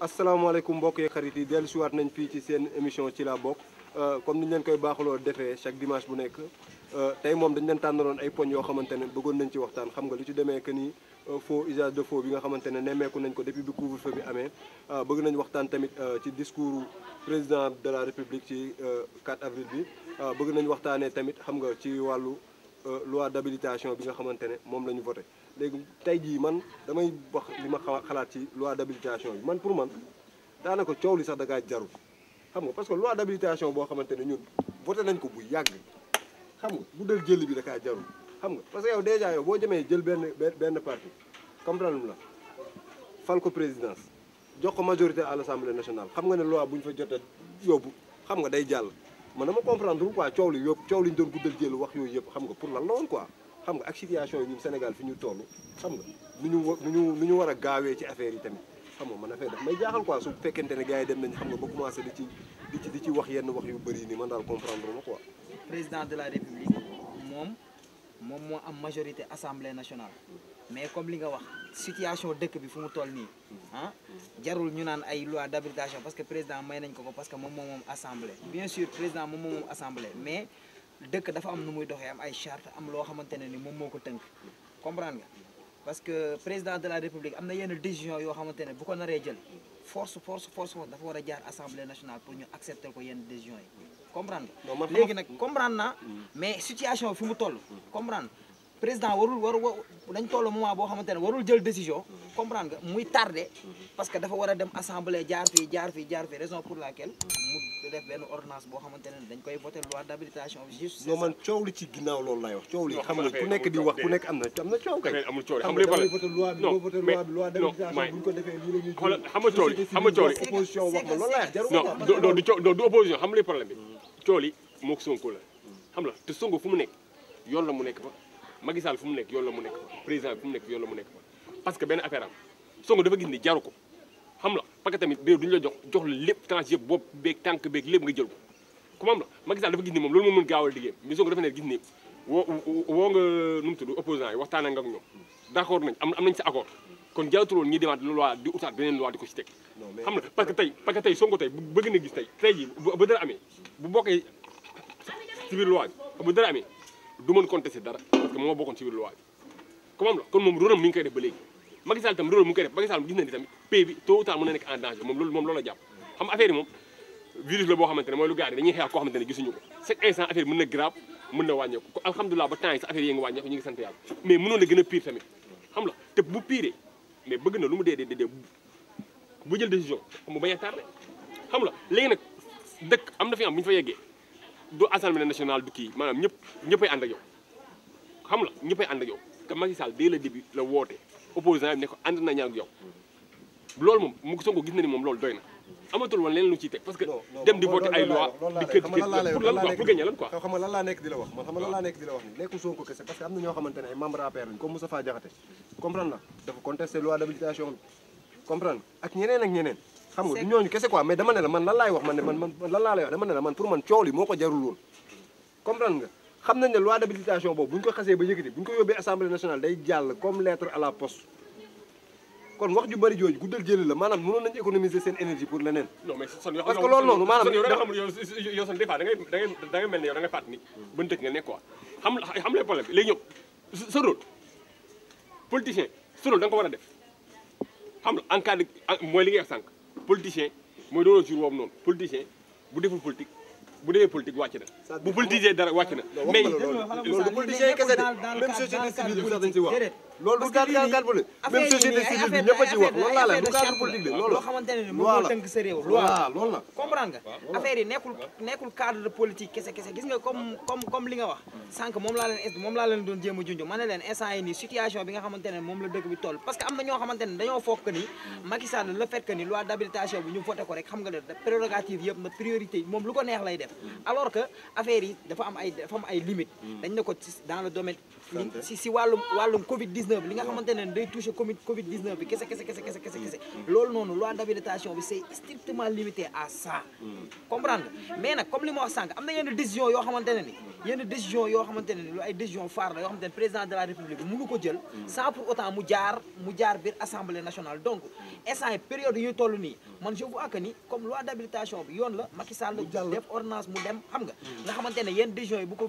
asalaamaaleykum mbokk yeeg xarit yi dellu siwaat nañ fii ci seen émission ci la bokk euh, comme ni ñu leen koy baaxaloo defee chaque dimanche bu nekk euh, tey moom dañ leen tànnaloon ay poñ yoo xamante ne bëggoon nañ ci waxtaan xam nga lu ci demee que ni euh, faux usage de faux bi nga xamante ne nemmeeku nañ ko depuis bi couvre-feu bi amee bëgg nañu waxtaan tamit ci discours président de la république ci 4 avril bi bëgg nañu waxtaanee tamit xam nga ci wàllu loi d'habilitation bi nga xamante ne moom la ñu voté léegi tey jii man damay wax li ma xalaat ci loi d'habilitation bi man pour man daanaka coow li sax da ngaa jarul xam nga parce que loi d'habilitation boo xamante ne ñun voté nañ ko bu yàgg xam nga bu dal jël bi da kaa jarul xam nga parce que yow déjà yow boo jëmee jël benn benn parti comprendre la fal ko présidence jox ko majorité à l'Assemblée nationale xam nga ne loi bu fa jot a yóbbu xam nga day jàll man dama comprendre quoi coow li yëpp coow li ñu doon guddal wax yooyu yëpp xam nga pour lan la woon quoi xam nga ak situation yi ñun Sénégal fi ñu toll xam nga nu ñu nu ñu nu ñu gaawee ci affaire yi tamit xam nga man affaire daf may jaaxal quoi su fekkente ne gars yi dem nañ xam nga ba commencé di ci di ci wax yenn wax yu bëri ni man daal comprendre ma quoi. président de la république moom moom moo am majorité assemblée nationale mais comme li nga wax situation dëkk bi fu mu toll nii ah jarul ñu naan ay loi d'habilitation parce que président may nañ ko ko parce que moom moom dëkk dafa am nu muy doxee am ay charte am loo xamante ne ni moom moo ko tënk comprendre nga parce que président de la république am na yenn décision yoo xamante ne bu ko naree jël force force force force dafa war a jaar assemblée nationale pour ñu accepter ko yenn décision yi comprendre nga léegi nag comprendre naa mm. mais situation fi mu toll comprendre président warul war dañ toll moment boo xamante ne warul jël décision comprendre nga muy tardé parce que dafa war a dem assemblée jaar fii jaar fii jaar fii raison pour laquelle mu ne dañ koy voté loi d'habilitation juste non man coow li ci ginnaaw loolu laay wax coow li xam nga ku nekk di wax ku nekk am na am na coow kay xam nga coow li xam nga coow li opposition xam nga problème bi coow li moo ko Sonko la xam la te Sonko fu mu nekk yoon la mu nekk fa Macky fu mu nekk yoon la mu nekk fa président bi fu mu nekk yoon la mu nekk fa parce que benn affaire am Sonko dafa gis ni jaru ko xam la parce que tamit réew jox jox la lépp tranche yëpp bopp beeg tànk beeg lépp nga jël ko comme am la Macky Sall dafa gis ni moom loolu moo mën gaawal liggéeyam mais Sonko dafa nekk gis nga nu mu tudd opposant am nañ sa kon jaratul woon ñuy demaat loi di utaat beneen loi ko ci teg xam na euh, parce que tey parce que tey Sonko tey bëgg na gis tey tey bu bokkee ci amee du mën contesté dara parce que moo bokkoon ci biir loi bi comme am la kon moom rôle am mi ngi koy def ba léegi Macky Sall tam mu ngi koy def Macky na tamit pays bi tôt ou na nekk en moom loolu la jàpp xam affaire yi moom virus la boo xamante mooy lu gars yi dañuy xeex koo xamante ne ko chaque instant affaire yi na grave mën na wàññeeku ko ba temps yi sa affaire yi nga ngi sant yàlla mais mënoon na gën a pire tamit xam na léegi nag dëkk am na fi am bu du assemblée nationale du kii maanaam ñëpp ñëppay ànd ak yow xam la ñëppay ànd ak yow te Macky Sall dès la woote opposant bi ne ko ànd nañu ak yow loolu moom mu Sonko gis na ni moom loolu doy na amatul woon leneen lu ciy teg parce que dem di voter ay loi di kër kër pour lan quoi pour gagner lan di la wax man xam nga lan laa ah. nekk di la wax ni nekkul Sonko kese parce que ak ñeneen ak ñeneen xam nga du ñooñu kese quoi mais dama ne la man lan laay wax man ne man man wax dama ne la man pour man coow li moo ko jarul woon nga xam nañ ne loi d'habilitation boobu bu ñu ko xasee ba yëkkati bu ñu ko yóbbee assemblée nationale day jàll comme lettre à la poste kon wax ju bëri jooju guddal jëli la maanaam mënoon nañu économiser seen énergie pour leneen. non mais son parce que loolu noonu maanaam. yow da nga yow son des fois mel ni yow da war a def xam nga en cas de li ngay politicien mooy dooloo jur boobu noonu politicien bu deful politique bu defee politique wàcc na bu politisé dara wàcc na mais politicien kese de dañ si wax loolu du cadre cadre bu la même société civile bi ñëpp a ci wax loolu laa la du cadre politique de loolu loo xamante ne moom moo tënk sa réew waaw loolu la comprendre nga affaire yi nekkul nekkul cadre de politique kese kese gis nga comme comme comme li nga wax sànq moom laa leen moom laa leen doon jéem a junj ma ne leen instant yi nii situation bi nga xamante ne moom la dëkk bi toll parce que am na ñoo xamante ne dañoo foog que ni Macky Sall le fait que ni loi d'habilitation bi ñu voté ko rek xam nga ne prérogative yëpp na priorité moom lu ko neex lay def alors que affaire yi dafa am ay dafa am ay limites hmm. dañ ne ko dans le domaine si wàllum wàllum covid 19 li nga xamante ne day touché covid covid 19 bi kese kese kese kese kese mm. loolu noonu loi d'habilitation bi c'est strictement limité à ça mm. comprendre mais nag comme li ma wax am na yenn décision yoo xamante ni yenn décision yoo xamante ni lu ay décision phare la yoo xamante ne président de la république mënu ko jël mm. sans pour autant mu jaar mu jaar biir assemblée nationale donc instant période yi bu ko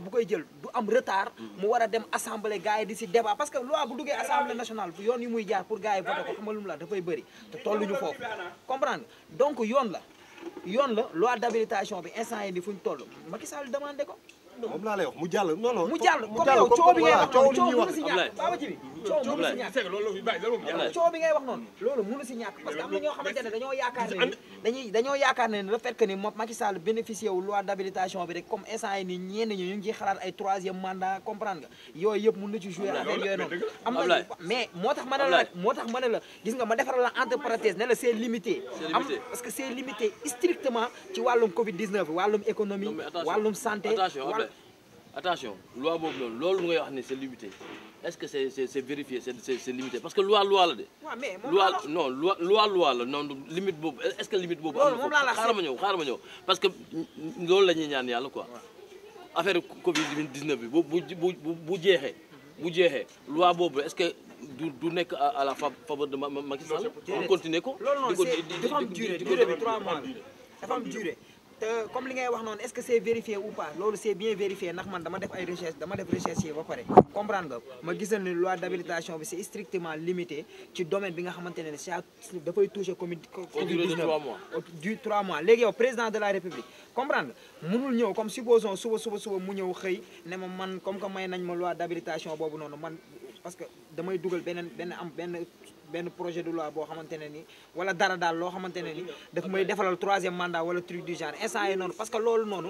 assemblée gars yi di si débat parce que loi bu duggee assemblée nationale yoon yi muy jaar pour gars yi voté ko xam nga lu mu la dafay bëri te tolluñu foofu comprendre donc yoon la yoon la loi d'habilitation bi instant yi ni fu ñu toll Macky Sall demandé ko. moom laa lay wax mu jàll non non. mu jàll comme yow coow bi ngay wax coow li ñuy wax Baba Jibi coow bi ngay wax noonu loolu mënu si ñàkk parce que am na ñoo xamante ne dañoo yaakaar ne dañuy ni moom Macky Sall bénéficié wu loi d'habilitation bi rek comme instant yi nii ñenn ñi ñu ngi ciy xalaat ay troisième mandat comprendre nga yooyu yëpp mën na ci jouer affaire am na mais moo tax ma ne la moo tax ma ne la gis nga ma defaral la entre parenthèses ne la c'est limité am parce que c'est limité strictement ci wàllum covid 19 wàllum économie wàllum santé attention loi boobu loolu loolu ngay wax ne c'est limité est-ce que c'est c'est c'est vérifié c'est c'est limité parce que loi loi la de. waaw mais loi non loi loi loi la non limite boobu est-ce que limite boobu. am na xaaral ma ñëw parce que loolu la ñuy ñaan yàlla ko affaire Covid 19 bi bu bu bu bu jeexee. bu jeexee loi boobu est-ce que. du du nekk à la faveur de Macky Sall. on continue ko. loolu noonu c'est dafa am durée durée bi te comme li ngay wax noonu est-ce que c'est vérifié ou pas loolu c'est bien vérifié ndax man dama def ay recherche dama def recherche yi ba pare comprendre nga ma gisal ni loi d'habilitation bi c'est strictement limité ci domaine bi nga xamante ne ça dafay toucher Covid 19 du 3 mois léegi yow président de la république comprendre nga comme suba suba suba mu ñëw xëy ne ma man comme que may nañ ma loi d'habilitation boobu noonu man parce que damay dugal beneen benn am benn benn projet de loi boo xamante ne ni wala dara daal loo xamante ne ni daf may defalal troisième mandat wala truc du genre instant yi noonu parce que loolu noonu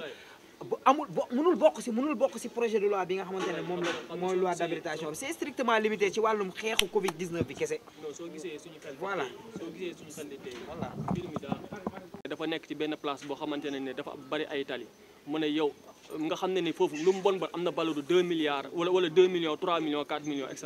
bu amul bo mënul bokk si mënul bokk si projet de loi bi nga xamante ne moom la mooy loi d'habilitation bi c'est strictement limité ci wàllum xeexu Covid 19 bi kese. voilà. dafa nekk ci benn place boo xamante ne ne dafa bari ay tali mu ne yow nga xam ne ni foofu lu mu bon bon am na balu du 2 milliards wala wala 2 millions 3 millions 4 millions et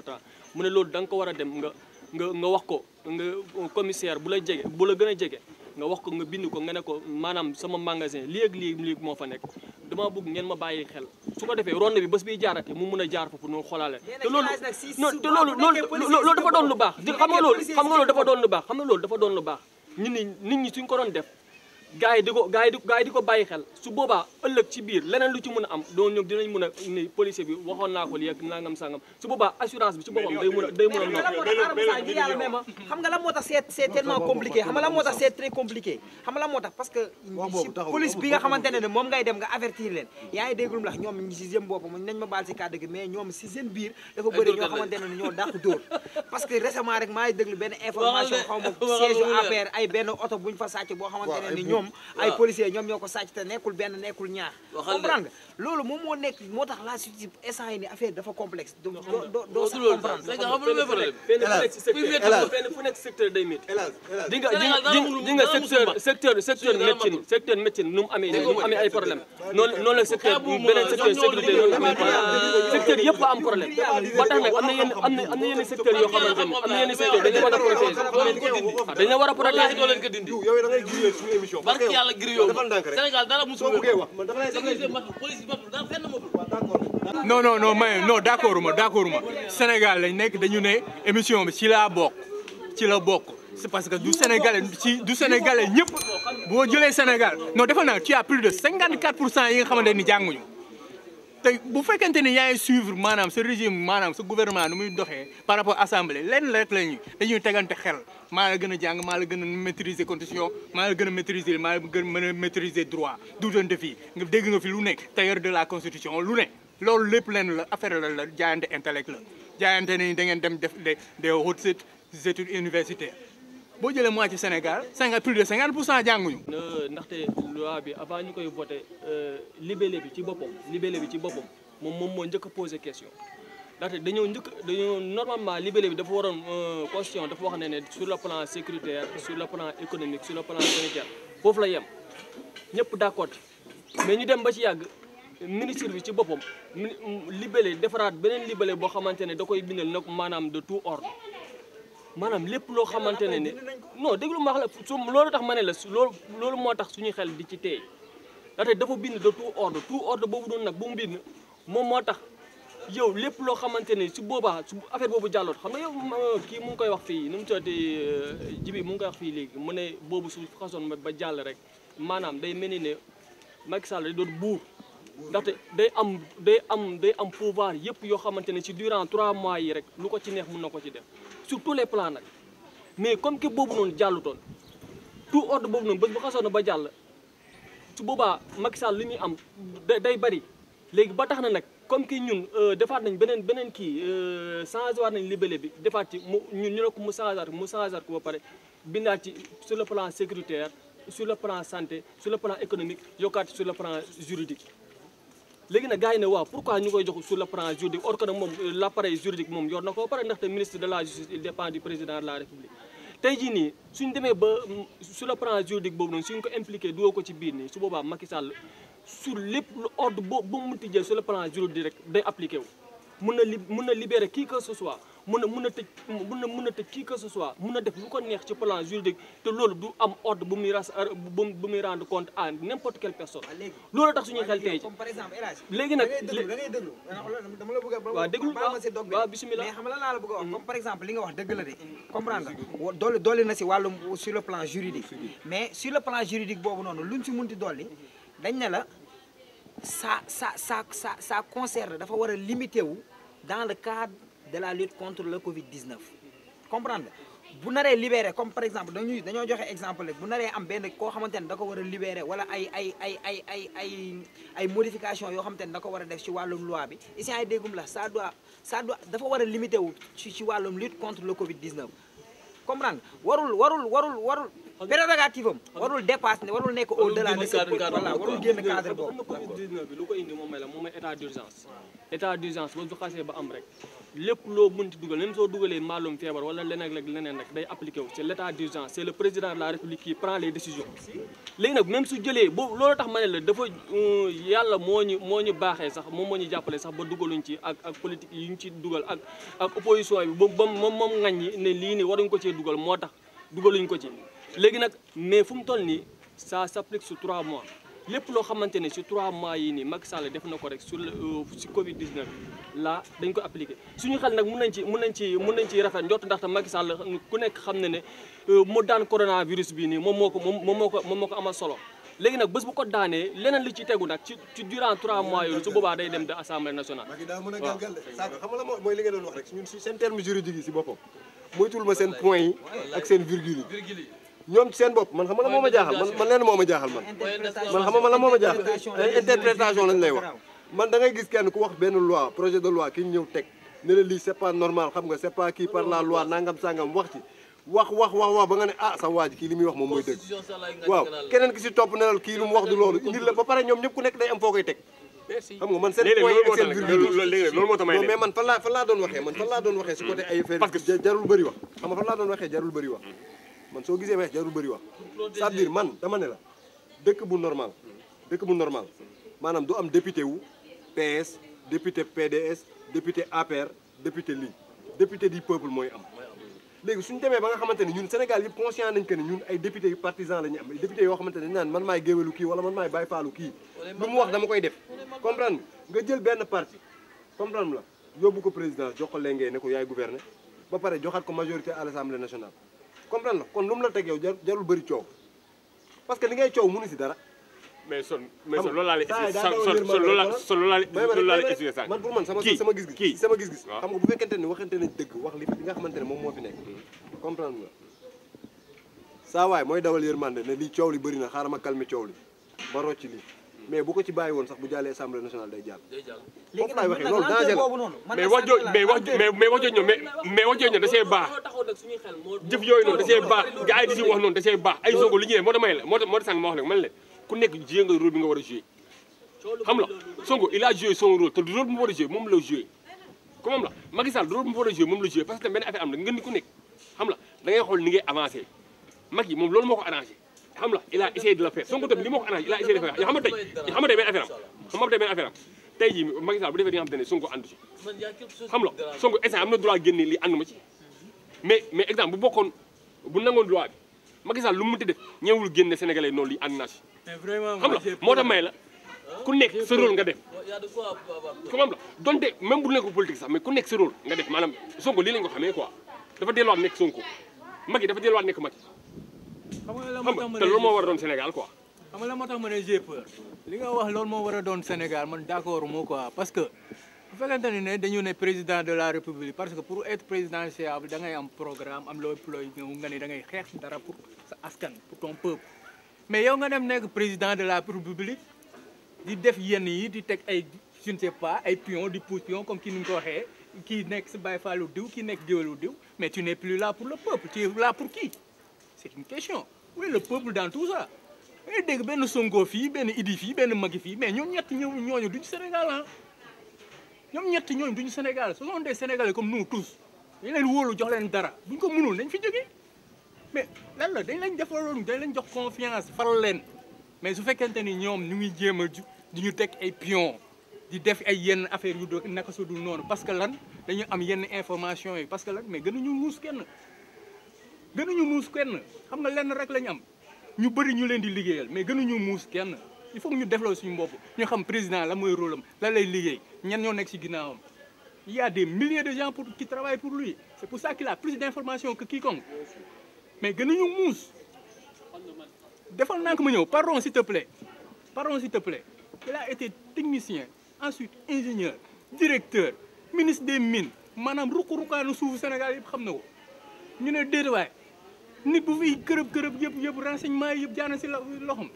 ne loolu da war a dem nga. nga nga wax ko nga commissaire bu la jege bu la gën a jege nga wax ko nga bind ko nga ne ko maanaam sama magasin lii ak lii lii moo fa nekk dama bëgg ngeen ma bàyyi xel su ko defee ronde bi bés biy jaarate mu mun a jaar foofu noonu xolaale te loolu non te loolu loolu loolu dafa doon lu baax xam nga loolu xam nga loolu dafa doon lu baax xam nga loolu dafa doon lu baax nit ñi nit ñi suñ ko doon def gars yi di ko gars xel su boobaa ëllëg ci biir naa ko lii ak su boobaa assurance bi ci boppam day mën a noonu moom ngay dem nga avertir leen yaa ngi déggulum lax ñoom si seen bopp nañ ma baal si kàddu gi mais ñoom si biir dafa bëri ñoo xamante ne ñoo dàq ñoom moom ay ah. policiers ñoom ñoo ko sàcc te nekkul benn nekkul ñaar loolu moom moo nekk moo tax la suite instant yi ni affaire dafa complexe doo doo sax comprendre fenn fu nekk secteur day métti di nga ay problème noonu noonu la secteur beneen secteur sécurité am problème ba tax nag am na yoo xamante ne am na yenn secteur dañu war a protéger dañu war a protéger doo leen ko barke yàlla griyo Sénégal dara musu wax man dama lay police bi matul dara fenn matul non non non mais non d'accord ma d'accord ma Sénégal lañ nekk dañu ne émission bi ci laa bokk ci la bokk c'est parce que du Sénégalais ci du ñëpp boo jëlee Sénégal no defal naa tu as plus de 54 pour cent yi nga xamante ni jànguñu tey bu fekkente ni yaa ngi suivre maanaam sa régime maanaam sa gouvernement nu muy doxee par rapport assemblée lenn rek la ñuy dañuy tegante xel maa la gën a jàng maa la gën a maîtriser constitution maa la gën a maîtriser maa la gën mën a maîtriser droit duutoon de fii nga dégg nga fi lu nekk tailleur de la constitution lu ne loolu lépp leen la affaire la la jaayante intellect la jaayante ni dangeen dem def des des hautes études universitaires boo jëlee moitié Sénégal cinquante plus de cinquante pour cent jànguñu. ndaxte loi bi avant ñu koy voté euh, libellé bi ci boppam libellé bi ci boppam moom moom moo njëkk a posé question ndaxte dañoo njëkk dañoo normalement libellé bi dafa waroon euh, constitution dafa wax ne ne sur le plan sécuritaire sur le plan économique sur le plan sanitaire foofu la yem ñëpp d'accord mais ñu dem ba ci yàgg ministre bi ci boppam libellé defaraat beneen libellé boo xamante ne da koy bindal nag maanaam de tout ordre. maanaam lépp loo xamante ne ne non déglu ma wax la su loolu tax ma ne la loolu loolu moo tax suñu xel di ci teey ndaxte dafa bind de tout ordre tout ordre boobu doon nag bu mu bind moom moo tax yow lépp loo xamante ne si boobaa su boobu jàlloot xam nga yow kii mu ngi koy wax fii nu mu sotti euh, jibi mu koy wax fii léegi mu ne boobu su xasoon ba jàll rek maanaam day mel ni ne Macky Sall day doon buur ndaxte day am day am day am pouvoir yëpp yoo xamante ne ci durant trois mois yi rek lu ko ci neex mun na ko ci def sur tous les plans nag mais comme ki boobu noonu jàllutoon tout ordre boobu noonu bés bu xasoon ba jàll su boobaa Macky Sall li muy am day bari léegi ba tax na nag comme que ñun euh, defaat nañ beneen beneen kii euh, changé waat nañ libellé bi defaat ci mu ñun ñu ne ko mu changé mu changé ko ba pare bindaat ci sur le plan sécuritaire sur le plan santé sur le plan économique yokkaat sur le plan juridique léegi na gars yi ne waaw pourquoi ñu koy jox sur le plan juridique or que nag moom euh, l' appareil juridique moom yor na ko pare ndaxte ministre de la justice il du président de la république tey jii nii suñ demee ba mm, sur le plan juridique boobu noonu suñ ko impliqué duwoo ko ci biir nii su boobaa Macky Sall sur lépp lu ordre boo ba mu munti jël sur le plan juridique rek day appliqué wu mun na li mun na libérer qui que ce soit mun a mun a tëj mun a mun a tëj qui que ce soit mun a def lu ko neex ci plan juridique te loolu du am ordre bu muy ras euh, bu muy rendre compte à n'importe quelle personne. Ah, loolu tax suñuy ah, xel tey ji a. waaw déglu waaw bisimilah mais a wax mm-hmm. comme par exemple li nga wax dëgg la de. comprendre nga na si wàllum sur le plan juridique. mais sur le plan juridique boobu noonu luñ si munti dolli dañ ne la. ça ça ça ça ça concerne dafa war a limité dans le cadre de la lutte contre le Covid-19 comprendre bu naree libéré comme par exemple dañuy dañoo joxe exemple rek bu naree am benn koo xamante ne da war a libéré wala ay ay ay ay ay ay ay modification yoo xamante ne da ko war a def ci wàllum loi bi ici ay déggum la ça doit ça doit dafa war a limité wu ci ci wàllum lutte contre le Covid 19. comprendre warul warul warul warul prérogative am warul dépasse ne warul nekk au delà de ce warul génn cadre boobu. am rek. lépp loo mënti dugal même soo dugalee maalum feebar wala leneen ak leneen rek day appliqué wu c' est l' état d' urgence c' est le président de la république qui prend les décisions léegi nag même su jëlee boobu loolu tax ma ne la dafa euh, yàlla moo ñu moo ñu baaxee sax moom moo ñu jàppale sax ba dugaluñ ci ak ak politique yi ñu ci dugal ak ak opposition bi ba moom moom ngañ ñi ne lii nii waruñ ko cee dugal moo tax dugaluñ ko ci léegi nag mais fu mu toll nii ça s' applique trois mois lépp loo xamante ne si trois mois yi nii Macky Sall def na ko rek sur euh, si Covid 19 la dañ ko appliqué suñu xel nag mun nañ ci mun nañ ci mun nañ ci rafet njort ndaxte Macky Sall ku nekk xam ne ne euh, mu daan coronavirus bi nii moom moo ko moom moo ko moom moo ko solo. léegi nag bés bu ko daanee leneen li ci tegu nag ci ci durant trois mois yooyu su boobaa day dem de assemblée nationale. waaw a gàlgal saako xam nga la mooy li ngeen doon wax rek ñun si seen terme juridique yi si boppam moytul ma seen point yi ñoom seen bopp man xam nga la ma jaaxal man man leen moo ma jaaxal man man xam nga la jaaxal eh, ay man da ngay gis kenn ku wax benn loi projet de loi ki ñëw teg ne la lii c'est kii par wax ci wax wax wax wax ba ah, moom mooy dëgg si topp ne la kii lu mu wax du loolu indil la ba pare ñoom ñëpp man seen point ak man fan laa fan laa doon waxee man fan laa doon waxee si jarul bëri wax man soo gisee may jarul bëri wax c'est-à-dire man dama ne la dëkk bu normal dëkk bu normal maanaam du am député wu PS député PDS député APR député lii député du peuple mooy am léegi ñu demee ba nga xamante ne ñun Sénégal yëpp conscient nañ que ne ñun ay député yu partisan la ñu am ay yoo xamante ne naan man maay géwélu kii wala man maay bàyyi faalu kii lu mu wax dama koy def comprendre nga jël benn parti comprendre la yóbbu ko président jox ko lengee ne ko yaay gouverner ba pare joxaat ko majorité à l'Assemblée nationale comprendre la kon lu mu la teg yow jarul bëri coow parce que li ngay coow mënu si dara. mais son mais son loolu laa lay. son loolu laa lay expliqué man pour man sama sama gis-gis sama gis-gis. xam nga bu fekkente ne waxante nañ dëgg wax li nga xamante ne moom moo fi nekk. comprendre nga saa waay mooy dawal yërmande ne lii coow li bëri na xaaral ma calmer coow li ba rocc lii mais bu ko ci bàyyi woon sax bu jàllee assemblée nationale day jàll. léegi nag man nag lancer boobu noonu mais wax joo mais wax mais mais da see baax. jëf yooyu noonu da see baax gars yi di si wax noonu da see baax ay Sonko li ñu ne moo tax may la moo tax moo ma wax la man la ku nekk joué nga rôle bi nga war a joué. xam la Sonko il a joué son rôle te mu war a joué moom la joué. comme moom la Macky a joué moom am na ngeen ku nekk xam la da xool ni ngay avancé moom loolu moo ko xam la il a essayé de la faire Sonko tamit li ma ko arrangé il a de la faire yoo xam nga tey yoo xam nga tey benn affaire am xam nga bu defee li nga la Sonko instant ma ci lu mu mënti def ñëwul génne sénégalais noonu li ànd naa xam la moo tax may la ku nekk sa rôle nga def comme am la donte même bu nekkul politique sax mais ku nekk sa rôle nga def maanaam Sonko lii lañ ko xamee quoi dafa delluwaat nekk Sonko Macky dafa delluwaat nekk Macky loolu moo war a doon Sénégal quoi. xam nga la moo li nga wax loolu moo war a doon Sénégal man d'accord moo quoi parce que bu fekkente ni ne dañu ne président de la République parce que pour être présidentiable da ngay am programme am looy looy nga ne da ngay xeex dara pour sa askan pour ton peuple. mais yow nga dem nekk président de la République di def yenn yi di teg ay je ne sais pas ay pion di pousse pion comme ki ni nga ko waxee kii nekk si Baye Fallou diw kii nekk diwalu diw mais tu n'es plus là pour pour c'est une question où est le dégg benn Sonko fii benn Idi fii benn Macky fii mais ñoom ñett ñëw ñooñu duñu Sénégal ah ñoom ñett ñooñu duñu Sénégal ce sont des Sénégalais comme nous tous dañ leen wóolu jox leen dara buñ ko mënul nañ fi jógee mais lan la dañ leen defaloon dañ lañ jox confiance faral leen mais su fekkente ni ñoom ñu ngi jéem a di ñu teg ay pion di def ay yenn affaire yu naka su dul noonu parce que lan dañu am yenn information yi parce que lan mais gënuñu muus kenn gënuñu muus kenn xam na lenn rek lañu am ñu bëri ñu leen di liggéeyal mais gënuñu muus kenn il faut ñu defloo suñu bopp ñu xam président la mooy rôle am la lay liggéey ñan ñoo nekk ci ginnaawam il y des milliers de gens pour qui travaillent pour lui c'est pour ça qu'il a plus d'informations que quiconque mais gënuñu muus defal naa ko ma ñëw pardon s'il te plaît pardon s'il te plaît il a été technicien ensuite ingénieur directeur ministre des mines maanaam ruqu ruqaanu suufu Sénégal yëpp xam na ko ñu ne déet nit bu fiy kërëb kërëb yëpp yëpp renseignement yi yëpp jaar na si loxom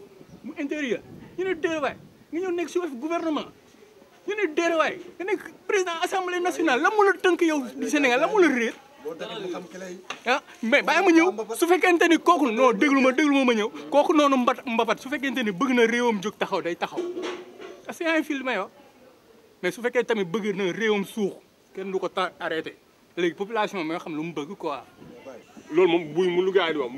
mu intérieur ñu ne déewaay nga ñëw nekk chef gouvernement ñu ne déewaay nga nekk président assemblée nationale la mu la tënk yow du Sénégal la mu la réer ah mais bàyyi ma ñëw su fekkente ni kooku non déglu ma déglu ma ma ñëw kooku noonu mbat mbabat su fekkente ni bëgg na réewam jóg taxaw day taxaw parce ah, que yaa ngi filmé yo mais su fekkee tamit bëgg na réewam suux kenn du ko ta arrêté léegi population bi nga xam lu mu bëgg quoi loolu moom buy mu lu gars yi di wax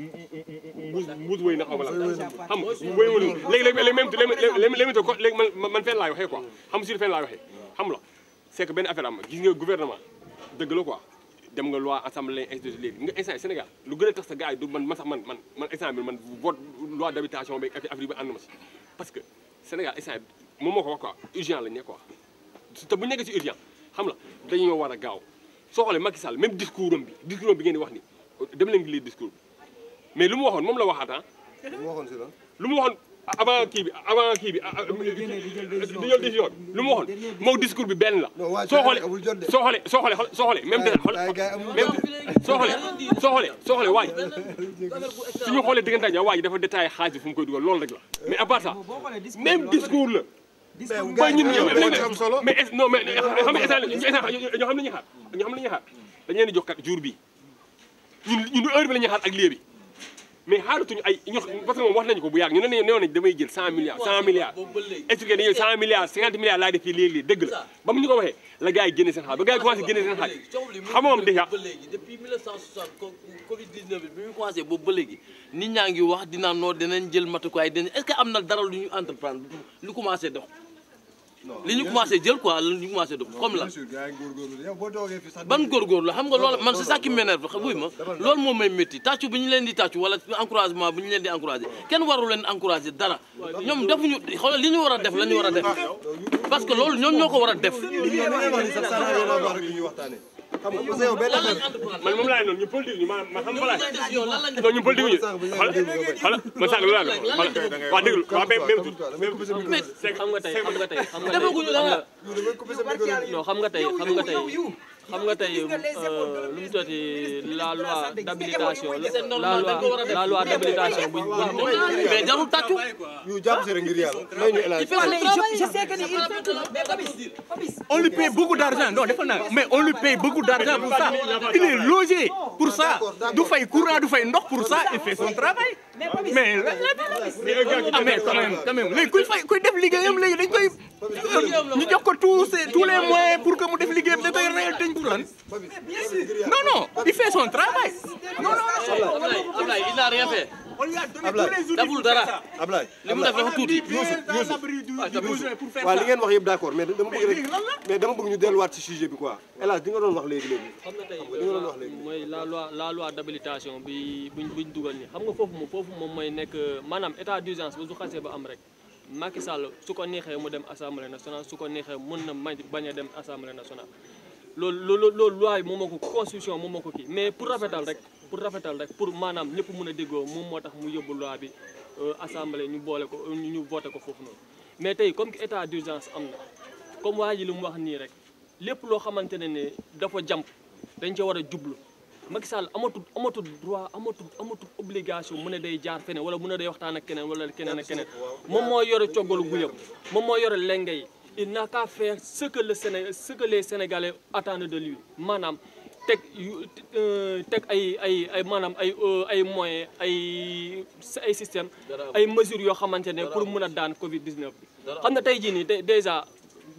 mbuus mbuus wëy na xaw ma la xam nga wëy wëy léegi léegi même léegi léegi ko léegi man man fenn laay waxee quoi xam sur fenn laay waxee xam la c'est que benn affaire am gis nga gouvernement dëgg la quoi dem nga loi assemblée institut léegi nga instant Sénégal lu gën a tax sa gars yi du man man sax man man man instant bi man vote loi d'habitation bi affaire bi ànd ma si parce que Sénégal instant moom moo ko wax quoi urgent lañ ne quoi te bu ñu nekkee si urgent xam la dañoo war a gaaw soo xoolee Macky Sall même discours am bi discours am bi ngeen di wax ni dem leen lire discours bi mais lu mu waxoon moom la waxaat lu mu waxoon si la lu mu waxoon avant kii bi avant kii bi di jël décision bi lu mu waxoon moom discours bi benn la soo xoolee soo xoolee soo xoolee soo xoolee même def xool même soo xoolee soo xoolee soo xoolee waaj suñu waaj dafa détaillé xaalis bi koy dugal loolu rek la mais à part ça la ba ñun ñëw mais non mais xam nga état ñoo xam ne ñu xaar ñoo xam ne ñu xaar dañu leen di kat jour bi ñun ñun heure bi la ñuy xaar ak lieu bi mais xaaratuñu ay ñox parce que moom wax ko bu yàgg ñu ne damay jël cent milliards cent milliards laa def fii léegi lii ba mu ñu ko waxee la gars yi seen xaalis ba gars yi commencé seen xaalis xam moom déjà ba léegi depuis 1960 covid 19 bi wax dinaa noo dinañ jël matukaay dinañ est que am na dara lu ñu entreprendre lu commencé dox li ñu commencé jël quoi li ñu commencé def comme la ban góorgóorlu la xam nga loolu man c'est ça qui m'énerve wuy ma loolu moom may métti tàccu bi ñu leen di tàccu wala encouragement bi ñu leen di encouragé kenn waru leen dara ñoom defuñu xoolal li ñu war a def la ñu war a def parce que loolu ñoom ñoo ko war a def xam nga parce que yow benn affaire ñu politique ñu ma xam balaa non ñu politique ñu ma sànq loolu laa noonu xam nga tey xam xam nga tey non xam nga tey xam xam nga tey euh, lu mu toti la loi d'habilitation la loi la loi d'habilitation bu mais jarul tàccu ñu jàpp si rek ngir yàlla may ñu élargi je sais mais Papis Papis on lui paye beaucoup d'argent non defal mais on lui paye beaucoup d'argent pour ça il est logé pour ça du fay courant du fay ndox pour ça il fait son travail mais Papis mais lan la ah, mais quand même quand même fay kuy def liggéeyam léegi dañ koy. tous les moyens pour que mu def liggéeyam da koy reyal tëñ pour lan. non non il fait son travail. deful dara Ablaye li mu def dafa tuuti Youssou li ngeen wax yëpp d'accord mais dama bëgg rek mais dama bëgg ñu delluwaat ci sujet bi quoi El Hadj di nga doon wax léegi léegi xam nga tey li nga doon mooy la loi la loi d'habilitation bi buñ buñ dugal ni xam nga foofu moom foofu mooy nekk maanaam état d'urgence ba su xasee ba am rek Macky Sall su ko neexee mu dem assemblée nationale su ko neexee mën na ma bañ a dem assemblée nationale loolu loolu loolu loi yi moom moo ko constitution moom moo ko kii mais pour rafetal rek pour rafetal rek pour maanaam ñëpp mën a déggoo moom moo tax mu yóbbu loi bi euh, assemblée ñu boole ko euh, ñu voté ko foofu noonu mais tey comme que état d'urgence am na comme waa ji lu nii rek lépp loo xamante ne ne dafa jàmp dañ ca war a jublu Macky Sall amatul amatul droit amatul amatul obligation mu ne day jaar feneen wala mu ne day waxtaan ak keneen wala keneen ak keneen moom moo yore coggalu gu yëpp moom moo yore lenge yi il n'a qu'à faire ce que le Séné ce que de lui maanaam teg euh, teg ay ay ay maanaam ay euh, ay moyens ay ay système ay mesures yoo xamante ne pour mun a daan Covid 19 xam na tey jii nii dèjà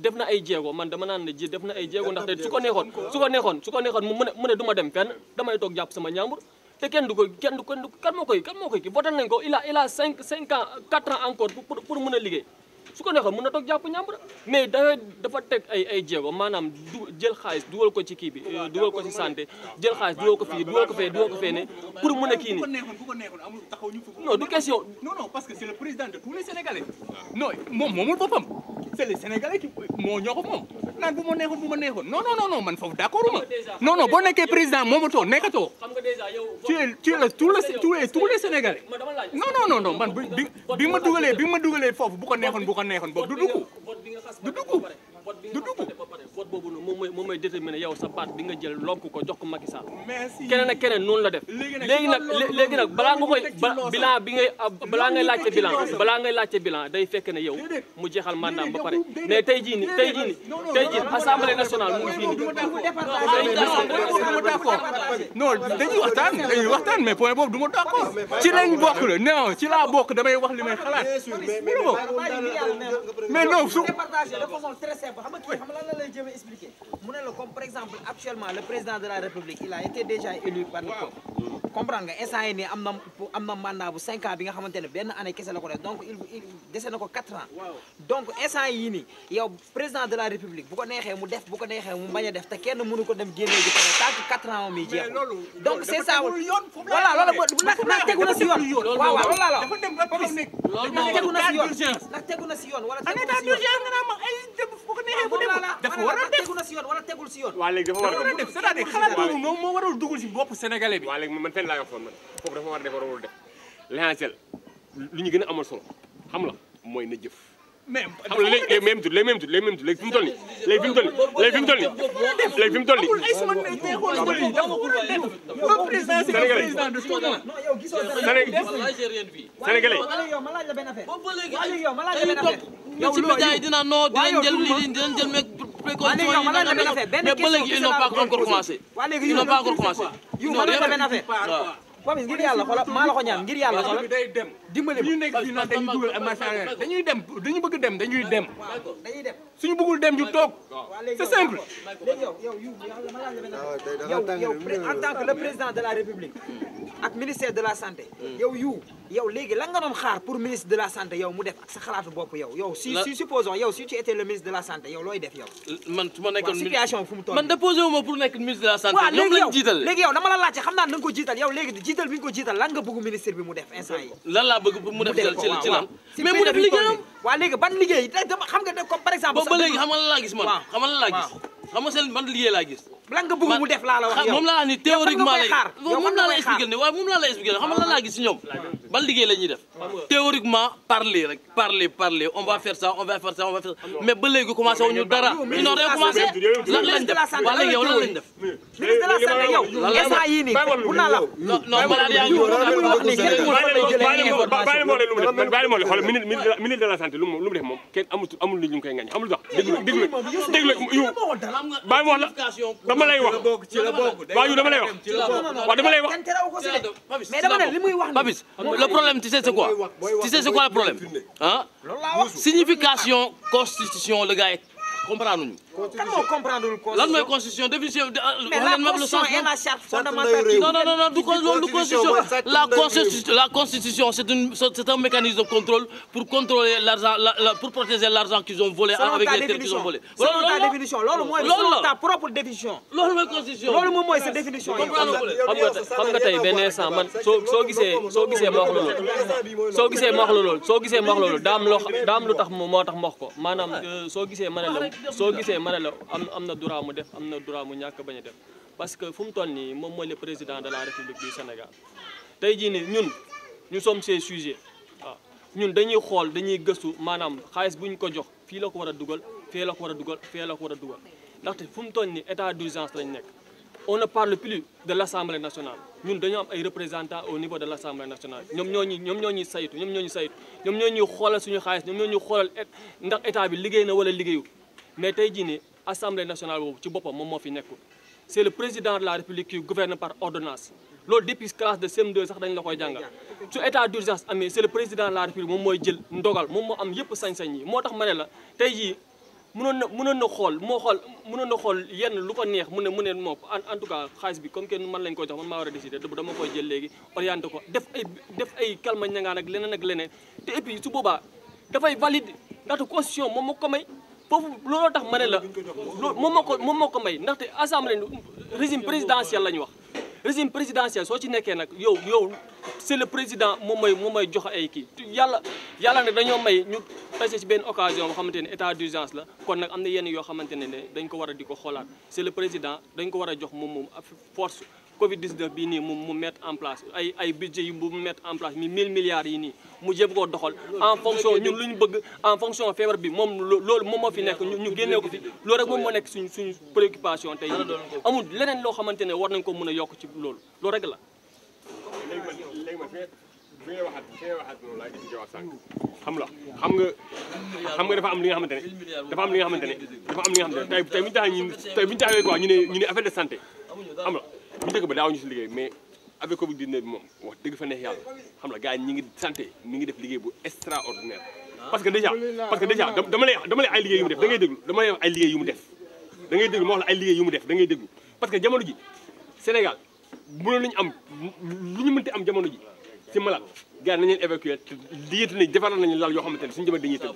def na ay jéego man dama naan ne ji def na ay jéego ndax te su ko neexoon su ko neexoon su ko neexoon mu ne mu ne du dem fenn damay toog jàpp sama ñaambur. te kenn du ko kenn du kenn du kan moo koy kan moo koy kii voté nañ ko il a il a cinq cinq ans quatre ans encore pour pour mun a liggéey. su ko neexoon mën na toog jàpp ñàmbur mais dafa dafa teg ay ay jéego du jël xaalis dugal ko ci kii bi euh, dugal ko ci santé jël xaalis dugal ko fii dugal ko fee dugal ko fee ne pour mën a kii nii non du question non non parce que c'est le moom moomul boppam c'est moo ñoo ko moom naan bu ma neexoon bu ma neexoon non non non man foofu d'accord nekkee président tu es tu es tous les man bi ma dugalee bi ma dugalee foofu bu ko neexoon bu ko neexoon boobu du dugg moom mooy moom mooy déterminer yow sa baat bi nga jël lonk ko jox ko Macky Sall keneen ak keneen noonu la def léegi nag balaa nga koy bilan bi ngay balaa ngay laajte bilan balaa ngay laajte bilan day fekk ne yow mu jeexal mandat ba pare mais tey jii ni tey jii ni tey jii assemblée nationale mu fii nii non waxtaan dañuy waxtaan mais point boobu du ma ci lañ bokk la non ci laa bokk damay wax li may xalaat mu ne la comme par exemple actuellement le président de la république il a été déjà élu par le peuple comprendre nga instant yi nii am na am na mandat bu cinq ans bi nga xamante ne benn année kese la ko def donc il dese na ko quatre ans donc instant yii nii yow président de la république bu ko neexee mu def bu ko neexee mu bañ def te kenn mënu ko dem génnee ji pare quatre ans mi jeex donc c'est ça voilà loolu nag nag tegu si yoon waaw waaw si yoon nag neexee bu demul dafa war a wala tegul si yoon. waaw léegi dafa war a def c'est-à-dire xalaat boobu moom moo waral dugul si bopp sénégalais bi. waaw léegi man fenn laa yoxoon man foofu dafa war a def warul def l'essentiel lu ñu gën a amal solo xam la mooy na jëf mais xam nga léegi léegi même tuuti léegi même tuuti léegi même tuuti léegi fi mu toll nii léegi fi mu toll nii léegi fi mu toll nii léegi fi mu toll nii. Sénégalais Sénégalais yow ci média yi dina noo dinañ jël lii dinañ jël meeg précaution yi mais ba léegi ils n'ont pas encore commencé. ils n'ont pas encore commencé. ils n'ont rien fait waaw. Papis ngir yàlla xoolal maa la ko ñaan ngir yàlla xoolal day dem dimbali ñu nekk fii naan dañuy dugal ak marché arrière dañuy dem dañu bëgg dem dañuy dem dañuy dem suñu bëggul dem ñu toog c'est simple léegi yow yow yow yow ah, en tant que le président de la république ak ministère de la santé hmm. yow yu yaw léegi langa nga doon xaar pour ministre de la santé yow mu def ak sa xalaatu bopp yow. yow si si supposons yow si tu étais le ministre de la santé yow looy def yow. man su ma nekkoon situation fu mu toll man ma pour nekk ministre de la santé. ñoom lañ jiital léegi yow dama la laajte ko jiital yow léegi jiital bi ko jiital lan nga ministre bi mu def instant yi lan laa mu def ci ci lan mu def liggéeyam. waaw léegi ban liggéey dama xam nga comme par exemple. boobu ba léegi laa gis man xam nga la laa gis xam nga seen man liggéey laa gis. lan nga bëgg mu def laa la wax yow moom laa ni théoriquement lay moom laa la expliqué ne waaye moom laa la expliqué ne xam nga lan laa gis si ñoom ban liggéey la ñuy def théoriquement parler rek parler parler on va faire ça on va faire ça on va faire ça mais ba léegi commencé wuñu dara non day commencé lan lañ def waa léegi yow lan lañ def ministre de la santé yow instant yii nii bu naa la non non malade yaa ngi bàyyi moo le xool ministre de la santé lu mu def moom kenn amul amul li ñu koy ngañ amul tax déglu déglu bàyyi wax la dama lay wax waaw yu dama lay wax waaw dama lay wax. mais dama ne li muy wax Papis le problème tu sais c'est quoi tu sais c'est quoi le problème ah signification constitution le gars comprendre ñu. kan moo comprendre lul constitution lan mooy constitution définition. Euh, mais la constitution est la charte fondamentale. non non non du constitution la constitution la constitution c'est une c'est un mécanisme de contrôle pour contrôler l'argent la pour protéger l'argent qu'ils ont volé. avec les terres qu'ils ont volé. selon ta définition loolu mooy selon ta propre définition. loolu mooy constitution loolu moom mooy sa définition yi. xam nga tey benn instant man soo soo gisee soo gisee ma wax la loolu soo gisee ma wax la loolu soo gisee ma wax la loolu daam loo daam lu tax moo tax ma wax ko maanaam euh, soo gisee ma ne la soo gisee ma ne la am am na droit mu def am na droit mu ñàkk bañ a def parce que fu mu toll nii moom mooy le président de la république du Sénégal tey jii nii ñun ñu sommes ces sujets waaw ñun dañuy xool dañuy gëstu maanaam xaalis bu ñu ko jox fii la ko war a dugal fee la ko war a dugal fee la ko war a dugal ndaxte fu mu toll nii état d'urgence lañ nekk on ne parle plus de l'Assemblée nationale ñun dañoo am ay représentants au niveau de l'Assemblée national ñoom ñoo ñuy ñoom ñoo ñuy saytu ñoom ñoo ñuy saytu ñoom ñoo ñuy xoolal suñu xaalis ñoom ñoo ñuy xoolal ndax état bi liggéey na wala liggéeyu mais tey jii nii assemblée nationale boobu ci boppam moom moo fi nekkul c' est le président de la république qui gouverne par ordonnance loolu depuis classe de CM2 sax dañ la koy jàngal su état d' urgence amee c' est président de la république moom mooy jël ndogal moom moo am yëpp sañ-sañ yi moo tax ma ne la tey jii mënoon na mënoon na xool moo xool mënoon na xool yenn lu ko neex mu ne mu ne moo en tout cas xaalis bi comme kenn man lañ koy jox man maa war a décider dama koy jël léegi orienté ko def ay def ay kalma ñangaan ak leneen ak leneen te et puis su boobaa dafay valide ndaxte constitution moom moo foofu looloo tax ma ne la loolu moom moo ko moom moo ko may ndaxte assemblée régime présidentiel la ñu wax. régime présidentiel soo ci nekkee nag yow yow c'est le président moom mooy moom mooy jox ay kii yàlla yàlla nag dañoo may ñu passé ci benn occasion boo xamante ne état d'urgence la kon nag am na yenn yoo xamante ne dañ ko war a di ko xoolaat c'est le président dañ ko war a jox moom moom force Covid 19 bii nii mu mu mettre en place ay ay budget yi mu mettre en place mi 1000 milliards yi nii mu jéem koo doxal en fonction ñun lu bëgg en fonction feebar bi moom loolu moom moo fi nekk ñu génnee ko fi loolu rek moom moo nekk suñ suñ tey amul leneen loo xamante war nañ ko mën a yokk ci loolu loolu rek la. xam la xam nga xam nga dafa am li nga xamante dafa am li nga xamante ne dafa am ñu taxee ñu tey ñu ne ñu de santé xam la njëkk ba daawuñu si liggéey mais avec covid 19 moom wax ngi santé mi ngi def liggéey bu extraordinaire ah. parce que déjà parce que déjà dama lay dama lay ay liggéey yu mu def da ngay déglu dama da ngay déglu ma la ay liggéey yu mu def da ngay déglu parce que jamono ji Sénégal mënoon ñu am lu ñu mënti am jamono ji ci malade gars nañu leen évacuer liggéey nañ defar nañu yoo xamante ne suñu jëmee dañuy tëdd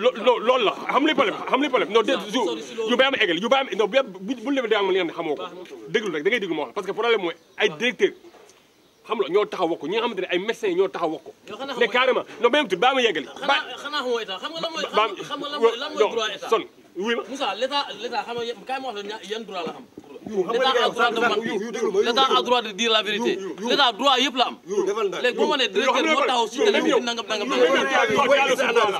loo loolu la xam luy problème xam luy problème non yu bàyyi ma eggal yu parce que problème mooy ay directeur xam la ñoo taxaw wax ko ñi nga ay médecins ñoo taxaw wax ko ne carrément ma yeggali ba xam nga lan mooy droit son wuy ma Moussa l'état l'état xam nga kaay ma wax la yan droit la am. l'état a droit de man l'état a droit de dire la vérité l'état droit yëpp la am. léegi boo ma nee directeur moo taxaw si télé bi nangam nangam.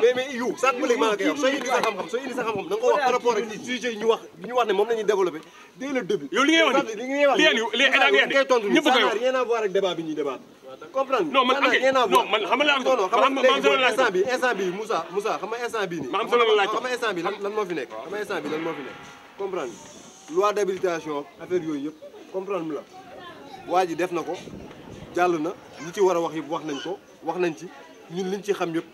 mais mais yow sànq ba léegi maa ngi koy wax soo indi sa xam-xam soo indi sa xam-xam da nga ko wax par rapport ak sujet yi ñu wax ñu wax ne moom la ñuy développé dès le début. yow li ngay wax li ngay wax li ngay tontu ñu bëgg a wax rien à voir ak débat bi ñuy débat comprendre non man ok non man xam nga instant bi instant bi Moussa Moussa xam nga instant bi nii ma am solo laaj xam nga instant bi lan moo fi nekk xam nga instant moo fi nekk comprendre loi d'habilitation yooyu yëpp comprendre mu waa ji def na ko jàll na ñi ci war a wax yëpp wax nañ ko wax nañ ci ñun liñ ci xam yëpp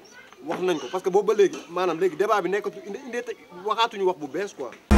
wax nañ ko parce que boobu ba léegi maanaam léegi débat bi nekkatu indi indi waxaatuñu wax bu bees quoi